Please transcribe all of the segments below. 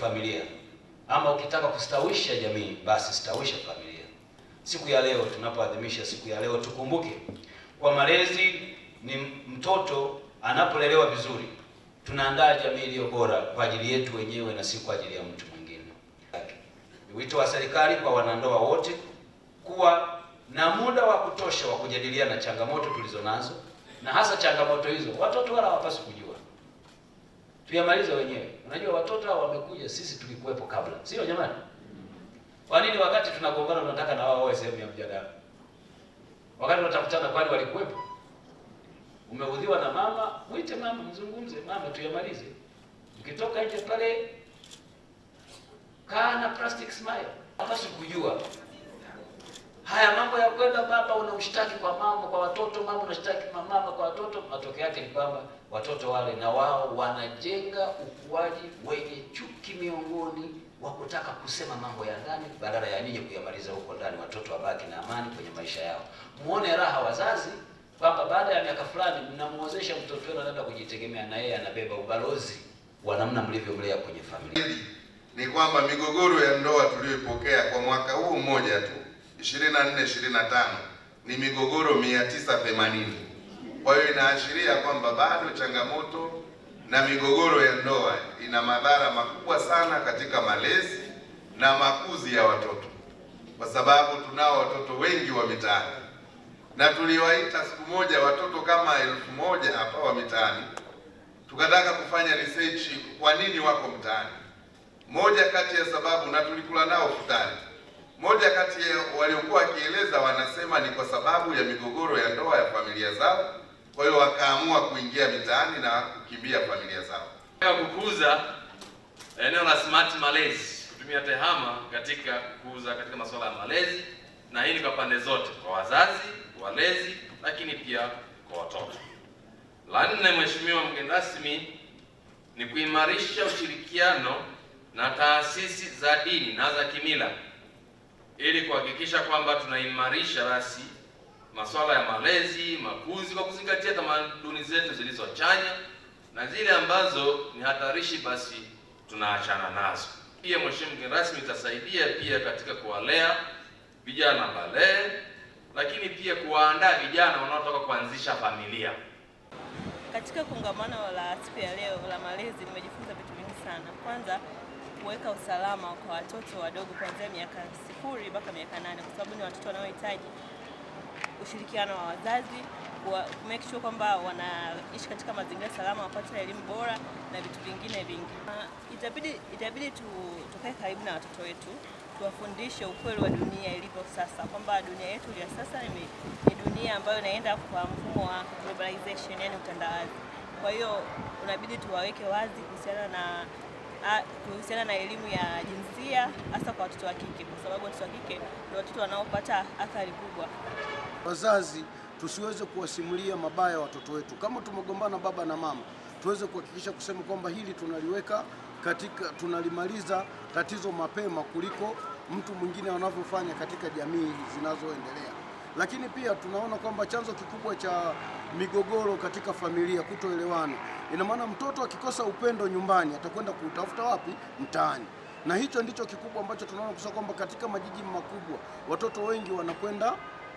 familia, ama ukitaka kustawisha jamii, basi stawisha familia. Siku ya leo tunapoadhimisha siku ya leo, tukumbuke kwa malezi ni mtoto anapolelewa vizuri, tunaandaa jamii iliyo bora kwa ajili yetu wenyewe na si kwa ajili ya mtu mwingine. Ni wito wa serikali kwa wanandoa wote kuwa na muda wa kutosha wa kujadiliana changamoto tulizo nazo, na hasa changamoto hizo watoto wala hawapaswi kujua tuyamalize wenyewe. Unajua watoto hao wamekuja, sisi tulikuwepo kabla, sio jamani? Kwa nini wakati tunagombana tunataka na wao wawe sehemu ya mjadala? Wakati tunatafutana, kwani walikuwepo? Umeudhiwa na mama, mwite mama, mzungumze mama, tuyamalize. Mkitoka nje pale, kaa na plastic smile, hata sikujua Haya mambo ya kwenda baba unamshtaki kwa mama, kwa watoto mama unashtaki kwa mama, kwa watoto. Matokeo yake ni kwamba watoto wale na wao wanajenga ukuaji wenye chuki miongoni wa kutaka kusema mambo ya ndani badala ya ninyi kuyamaliza huko ndani, watoto wabaki na amani kwenye maisha yao. Muone raha wazazi kwamba baada ya miaka fulani mnamwozesha mtoto wenu anaenda kujitegemea na yeye anabeba ubalozi wa namna mlivyomlea kwenye familia. Ni kwamba migogoro ya ndoa tuliyoipokea kwa mwaka huu mmoja tu 24 25 ni migogoro 980. Kwa hiyo inaashiria kwamba bado changamoto na migogoro ya ndoa ina madhara makubwa sana katika malezi na makuzi ya watoto, kwa sababu tunao watoto wengi wa mitaani, na tuliwaita siku moja watoto kama elfu moja hapa wa mitaani, tukataka kufanya research, kwa nini wako mtaani. Moja kati ya sababu, na tulikula nao futari moja kati ya waliokuwa wakieleza wanasema ni kwa sababu ya migogoro ya ndoa ya familia zao, kwa hiyo wakaamua kuingia mitaani na kukimbia familia zao. Kukuza eneo la smart malezi, kutumia tehama katika kukuza katika masuala ya malezi, na hii ni kwa pande zote, kwa wazazi, walezi, lakini pia kwa watoto. La nne, Mheshimiwa mgeni rasmi, ni kuimarisha ushirikiano na taasisi za dini na za kimila ili kuhakikisha kwamba tunaimarisha basi masuala ya malezi, makuzi kwa kuzingatia tamaduni zetu zilizochanya na zile ambazo ni hatarishi, basi tunaachana nazo. Pia Mheshimiwa mgeni rasmi, itasaidia pia katika kuwalea vijana balee, lakini pia kuwaandaa vijana wanaotaka kuanzisha familia. Katika kongamano la siku ya leo la malezi nimejifunza vitu vingi sana. Kwanza kuweka usalama kwa watoto wadogo kuanzia miaka sifuri mpaka miaka nane kwa sababu ni watoto wanaohitaji ushirikiano wa wazazi kwa make sure kwamba wanaishi katika mazingira salama, wapate elimu bora na vitu vingine vingi. Itabidi, itabidi tu, tukae karibu na watoto wetu tuwafundishe ukweli wa dunia ilivyo sasa, kwamba dunia yetu ya sasa ni, ni dunia ambayo inaenda kwa mfumo wa globalization, yani utandawazi. Kwa hiyo unabidi tuwaweke wazi kuhusiana na kuhusiana na elimu ya jinsia hasa kwa watoto wa kike, kwa sababu watoto wa kike ni watoto wanaopata athari kubwa. Wazazi tusiweze kuwasimulia mabaya ya watoto wetu. Kama tumegombana baba na mama, tuweze kuhakikisha kusema kwamba hili tunaliweka katika, tunalimaliza tatizo mapema kuliko mtu mwingine anavyofanya katika jamii zinazoendelea. Lakini pia tunaona kwamba chanzo kikubwa cha migogoro katika familia kutoelewana. Ina maana mtoto akikosa upendo nyumbani atakwenda kuutafuta wapi? Mtaani. Na hicho ndicho kikubwa ambacho tunaona kusema kwamba katika majiji makubwa watoto wengi wanakwenda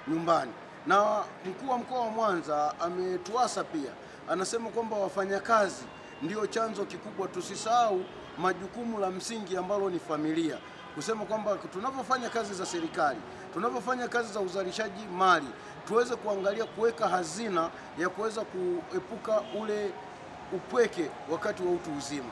nyumbani, na mkuu wa mkoa wa Mwanza ametuasa pia, anasema kwamba wafanyakazi ndio chanzo kikubwa, tusisahau majukumu la msingi ambalo ni familia kusema kwamba tunapofanya kazi za serikali, tunapofanya kazi za uzalishaji mali, tuweze kuangalia kuweka hazina ya kuweza kuepuka ule upweke wakati wa utu uzima.